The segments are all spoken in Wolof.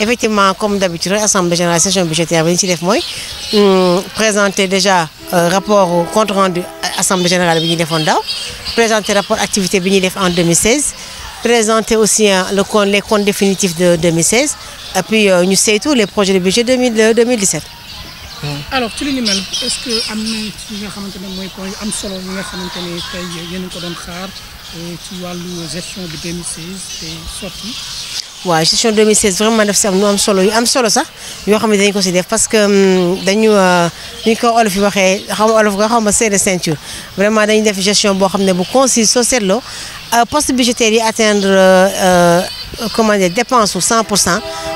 effectivement comme d'habitude l'Assemblée assemblée générale session budgétaire bi li ci def hmm, présenter déjà euh, rapport au compte rendu assemblée générale de ñuy defoon présenté présenter rapport activité en 2016 présenté aussi hein, le compte les comptes définitifs de 2016 et puis nous euh, ñu tous les projets de budget 2017 euh, alors ci li ni mel est-ce que vous avez ci nga xamante ne mooy am solo nga ko gestion de 2016 waaw gestion 2016 vraiment daf si am nu am solo yu am solo sax yoo xam ne dañu ko si def parce que mm, dañu euh, ni ko olof yi waxee xaw olof nga xaw ma ceinture vraiment dañu def gestion boo xam ne bu concise soo seetloo euh, poste budgétaire yi atteindre euh, comment dire dépense 100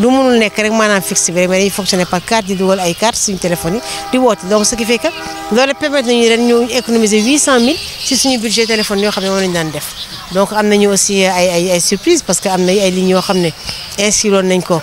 lu mënul nekk rek maanaam fixe bi rek mais dañuy fonctionner par carte di dugal ay carte suñu téléphone yi di woote donc ce qui fait que loolu permettre nañu ren ñu économiser 800000 ci suñu budget téléphone yoo xam ne moom lañu daan def donc am nañu aussi ay surprise parce que am na ay lignes yoo xam ne inscrire nañ ko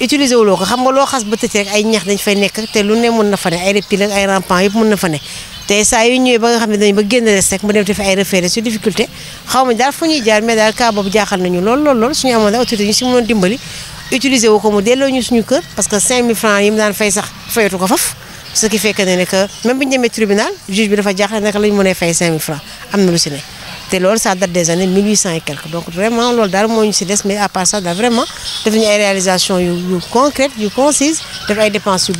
utiliser wuloo ko xam nga loo xas ba tëj rek ay ñax dañ fay nekk te lu ne mun na fa ne ay reptil ak ay rampant yëpp mun na te saa yu ba nga xam ne dañ ba génn des ma daal jaaxal nañu lool lool lool suñu amoon autorité ñu si mënoon dimbali utiliser wu parce que 5000 francs yi mu daan fay sax fayatu ko faf ce qui fait que ne ne que même bu bi dafa jaaxle naka lañ mënee fay 5000 francs am na lu si ne te ça date des années 1800 et quelques donc vraiment loolu daal moo ñu mais à part ça a vraiment devenu une réalisation concrète concise def des dépenses yu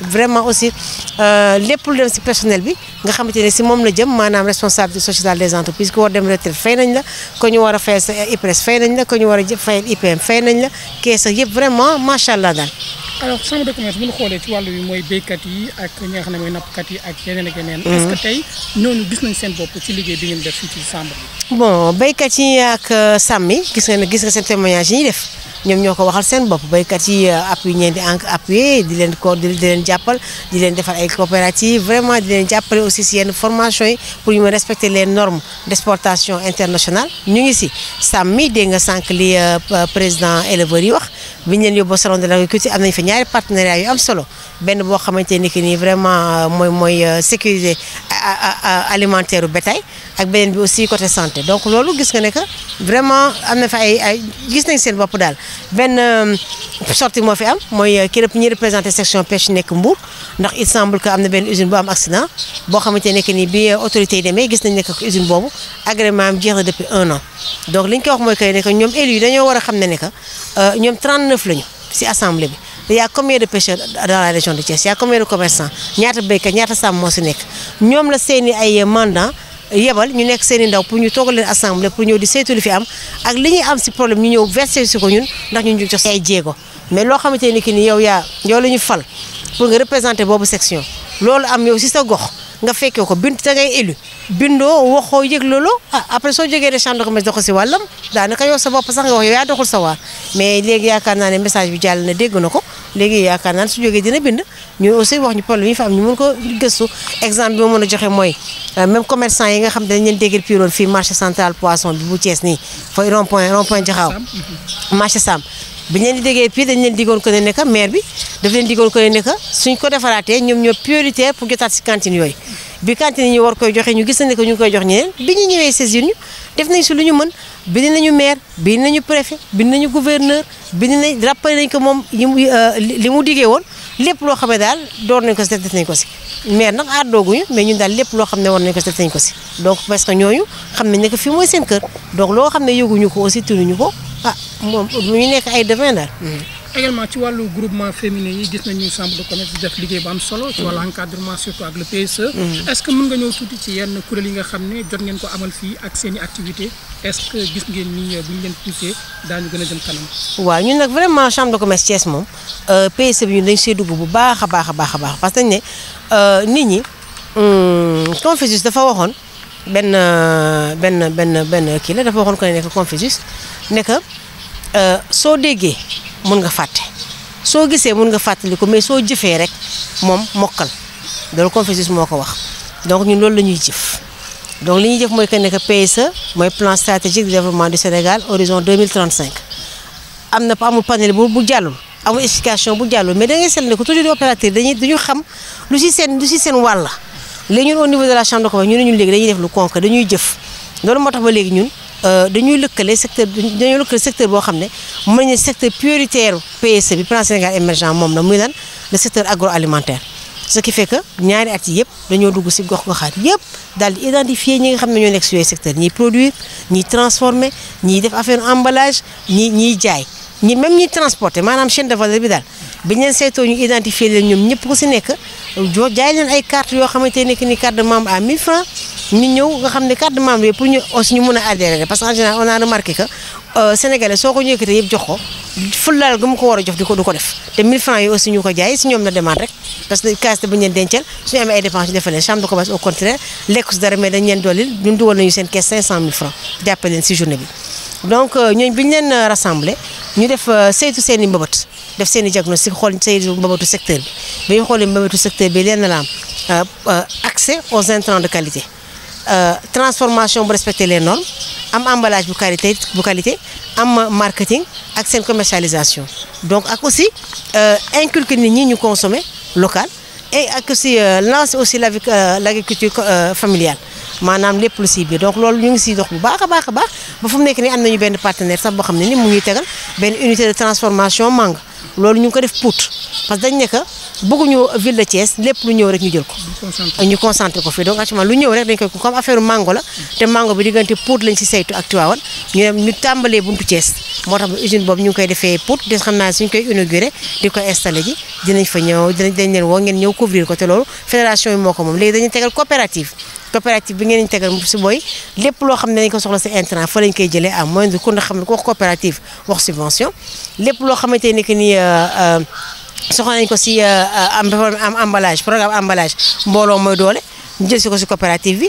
vraiment aussi euh, les lu dem si personnel bi nga xamante si moom la jëm maanaam responsabilité sociale des entreprises ku war dem retraite fay nañ la ko ñu war a fayal sa IPRES fay nañ la ko ñu war a fayal IPM fay nañ la vraiment masha'Allah, alors chambre de commerce bu xoolee ci wàllu bi mooy béykat yi ak ñi nga xam ne nappkat yi ak yeneen ak yeneen. est-ce mm-hmm. tey noonu gis nañ seen bopp ci liggéey bi ngeen def fii ci chambre bi. bon béykat yi ak euh, sàmm gis nga ne gis nga seen témoignage yi ñuy def. ñom ñoko waxal seen bopp béykat yi euh, appui ñeen di appuyé di len ko di len jappal di len defal ay coopératives vraiment di len jappalé aussi si yenn formation yi pour ñu respecter les normes d'exportation internationale ñu ngi ci sammi mi nga sank li euh, président éleveur yi wax bi ñen leen yóbboo salon de l'agriculture am nañu fa ñaari partenariat yu am solo benn bo xamanteni ni vraiment euh, moy moy sécurité alimentaire u bétail ak benen bi aussi côté santé donc lolu gis nga ne que vraiment am na fa ay gis nañ seen bop dal benn euh, sortie moo fi am mooy euh, ki ñi représenté section pêche nekk Mbour ndax il semble que am na benn usine bu am accident boo xamante nekk nii bi euh, autorité yi demee gis nañ nekk usine boobu agrément am jeex na depuis un an donc li ñu ko wax mooy que ne ñoom élus yi dañoo war a xam ne ne que ñoom 39 lañu ci assemblée bi il y a combien de pêcheurs dans la région de Thiès il y de commerçants ñaata béykat ñaata sàmm moo si nekk ñoom la seeni ay mandats. yebal ñu nekk seeni i ndaw pour ñu toogal leen assemblée pour ñëw di saytu li fi am ak li ñuy am si problème ñu ñëw versé si ko ñun ndax ñu ñu jox say jéego mais loo xamante ni ki ni yow yaa yow la ñu fal pour représenté boobu section loolu am yow si sa gox nga fekkee ko bind da ngay élu bindoo waxoo yëg loolu ah après soo jógee de chambre de commerce doxal si wàllam daanaka yow sa bopp sax nga wax yow yaa doxul sa waar mais léegi yaakaar naa ne message bi jàll na dégg na ko léegi yaakaar naa naan su jógee dina bind ñun aussi wax ñu problème yi fa am ñu mën ko gëstu exemple bi ma mën a joxe mooy euh, même commerçant yi nga xam dañ leen déggal piroon fii marché central poisson bi bu Thiès nii fooy rond point rond point Jaxaaw marché Sam bi ñu leen di déggee fii dañu leen digoon ko ne nekk maire bi daf leen digoon ko ne nekk suñ ko defaraatee ñoom ñoo prioritaire pour jotaat si cantine yooyu bi cantine ñu war koy joxe ñu gis ne que ñu ngi koy jox ñeneen bi ñu ñëwee saisir ñu def nañ si lu ñu mën bind nañu maire bind bind nañu gouverneur bind nañ rappelé nañ ko moom euh, li mu diggee woon lépp loo xam ne daal door nañ ko si def def nañ ko si maire nag àddooguñu mais ñun daal lépp loo xam ne war nañ ko ko si donc parce que ñooñu xam nañ ne que fii mooy seen kër donc loo xam ne yoguñu ko aussi turuñu ko ah moom mu ñu nekk ay devin daal. Hmm. également ci wàllu groupement féminin yi gis nañu chambre de commerce def liggéey bu am solo. ci wàllu encadrement surtout ak le PSE. Hmm. est-ce que mën nga ñëw tuuti ci yenn kuréel yi nga xam ne jot ngeen ko amal fii ak seen i activité est-ce que gis ngeen ni euh, bu ñu leen poussé daañu gën a jëm kanam. waaw ñun nag vraiment chambre de commerce Thiès moom euh, PSE bi ñun dañ see dugg bu baax a baax a baax a baax parce que ne euh, nit ñi hmm, Confucius dafa waxoon. ben ben ben ben kii la dafa waxoon ko ne nekk Confucius ne que euh, soo déggee mun nga fàtte soo gisee mun nga fàttali ko mais soo jëfee rek moom mokkal loolu Confucius moo ko wax donc ñun loolu la ñuy jëf donc li ñuy jëf mooy que ne que PSE mooy plan stratégique de développement du Sénégal horizon 2035 am na amul panel bu bu jàllul amul explication bu jàllul mais da ngay seetlu ne que toujours les opérateur dañuy dañu xam lu si seen lu si seen wàll au niveau de la chambre nous commerce ñu le le Nous dañuy def lu concret nous jëf avons euh, secteur dañuy secteur secteur prioritaire plan émergent le secteur agroalimentaire ce qui fait que nous avons fait dugg identifier produire transformer ni faire un emballage ni ni même ni transporter de bi ñu leen saytoo ñu identifié leen ñoom ñëpp ku si nekk jaay leen ay carte yoo xamante ne ni carte de membre à 1000 francs ñu ñu aussi a adhérer parce que en général on a euh, soo ko ñëkkatee yëpp jox ko fulaal gu mu ko war a jox di ko du ko def te 1000 francs yi aussi ñu ko jaay si ñoom la demande rek parce que te bu ñu leen dencal suñu ay dépenses ñu leen chambre de commerce au contraire lekku si dara mais dañ leen dollil ñun nañu seen caisse 500000 donc nous, euh, bi nous euh, rassemblé ñu def euh, avons diagnostic secteur bi bi ñu secteur bi accès aux intrants de qualité transformation pour respecter les normes am emballage bu qualité bu qualité marketing ak commercialisation donc ak aussi inculquer nit ñi nous consommer local et aussi lancer aussi l'agriculture familiale maanaam lépp lu si biir donc loolu ñu ngi siy dox bu baax a baax a baax ba fu mu nekk nii am nañu benn partenaire sax boo xam ne ni mu ñuy tegal benn unité de transformation màng loolu ñu ko def Pout parce que dañ ne que bëgguñu ville de Thiès lépp lu ñëw rek ñu jël ko. ñu concentré ko fii donc actuellement lu ñëw rek dañ koy comme affaire mango la. te mango bi diggante Pout lañ si saytu ak ñu dem buntu Thiès moo tax usine boobu ñu ngi koy defee Pout des xam naa suñ koy inauguré di ko installé ji dinañ fa ñëw dinañ leen woo ngeen ñëw couvrir ko te loolu fédération moo ko moom léegi dañuy coopérative bi ngeen ñu tegal subooy lépp loo xam ne dañ ko soxla si intrant fa lañ koy jëlee à moindre coût ndax xam ne ko wax coopérative wax subvention lépp loo xamante ni que ni euh, euh, soxla nañ ko si euh, am emballage programme emballage mbooloo mooy doole ñu jël si ko si coopérative bi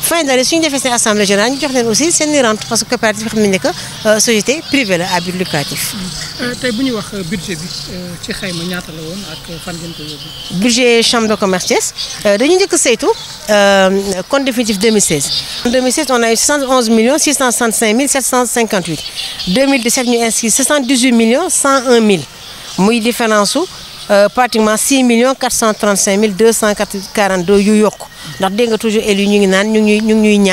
fin d'année la ñu defee assemblée générale ñu jox aussi seen i parce que coopérative xam nañ que euh, société privée à but lucratif. Euh, wax euh, budget bi ci xayma ñaata la woon ak fan ngeen ko budget chambre de commerce euh dañu ñëk a compte définitif 2016. en 2016 on a eu 71 millions 665 758 2017 ñu inscrit 78 millions 101 a muy différence euh, pratiquement 6 435 242 yu yok ndax toujours élu ñu ngi naan ñu ngi ñu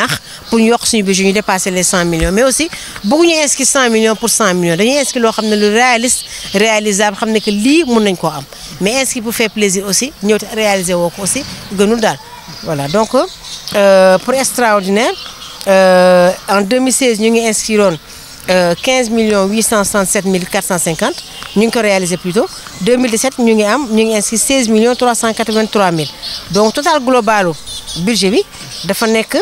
pour ñu suñu budget ñu dépasser les 100 millions mais aussi bëgguñu inscrit 100 millions pour 100 millions nous avons inscrit que ne lu réaliste réalisable xam ne que lii mun nañ koo am mais pour faire plaisir aussi nous avons réaliser aussi voilà donc euh, pour extraordinaire euh, en 2016 ñu ngi inscrit 15 867 450 nous avons réalisé plus 2017 En 2017, nous avons 16 383 000 donc total global budget bi que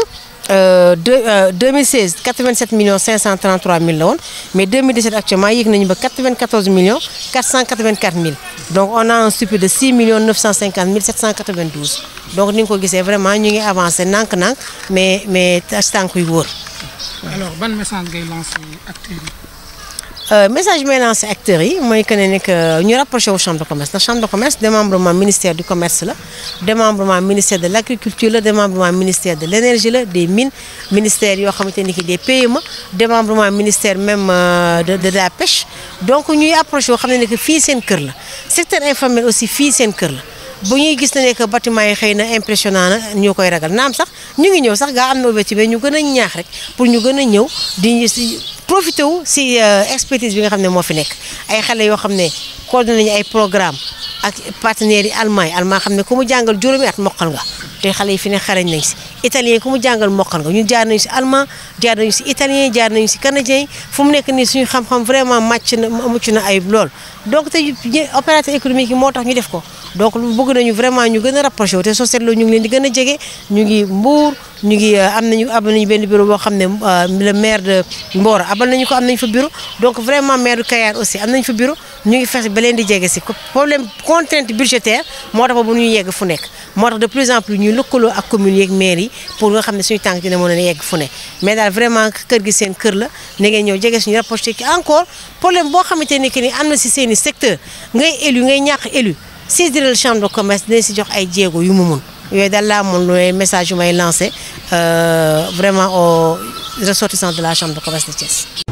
que de 2016 87 millions 533 000 mais 2017 actuellement nous avons 94 millions 484 000 donc on a un surplus de 6 millions 950 792 donc nous avons vraiment avancé mais mais mais alors message euh, message may lancé acteurs yi que ñu rapproché au chambre de commerce La chambre de commerce démembrement ministère du commerce la démembrement ministère de l'Agriculture, agriculture la démembrement ministère de l'Énergie, la des mines ministère yo xamante ki des PME démembrement ministère même euh, de de la pêche donc ñuy approché woo xam ne que fii seen kër la secteur informel aussi fi sen cœur la. bu ñuy gis na que bâtiment yi impressionnant na ñu ragal naam sax ñu ngi ñew sax ga am no ouverture mais ñu gëna ñaax rek pour ñu gëna ñew di profité wu si euh, expertise bi nga xam ne moo fi nekk ay xale yoo xam ne coordonné nañu ay programme ak partenaires yi Allemagne Allemagne xam ne ku mu jàngal juróomi at mokkal nga te xale yi fi ne xarañ nañ si italien ku mu jàngal mokkal nga ñun jaar nañu si allemand jaar nañu si italien jaar nañu si canadien fu mu nekk nii suñu xam-xam vraiment màcc na mucc na ayib lool donc te opérateur économique yi moo tax ñu def ko donc bëgg nañu vraiment ñu gën a rapproché wu te soo seetloo ñu ngi leen di gën a jege ñu ngi mbuur ñu ngi euh, am nañu am nañu benn bureau boo xam ne euh, le maire de Mbour abal nañu ko am nañu fa bureau donc vraiment maire du Kayar aussi am nañu fa bureau ñu ngi fexe ba leen di jege si problème contrainte budgétaire moo tax ba bu ñu yegg fu nekk moo tax de plus en plus ak commune maire pour nga suñu dina yegg mais vraiment gi la suñu encore problème ni secteur ngay élu ngay élu chambre de commerce si jox ay yu mu message euh, vraiment au ressortissant de la chambre de commerce de Thiès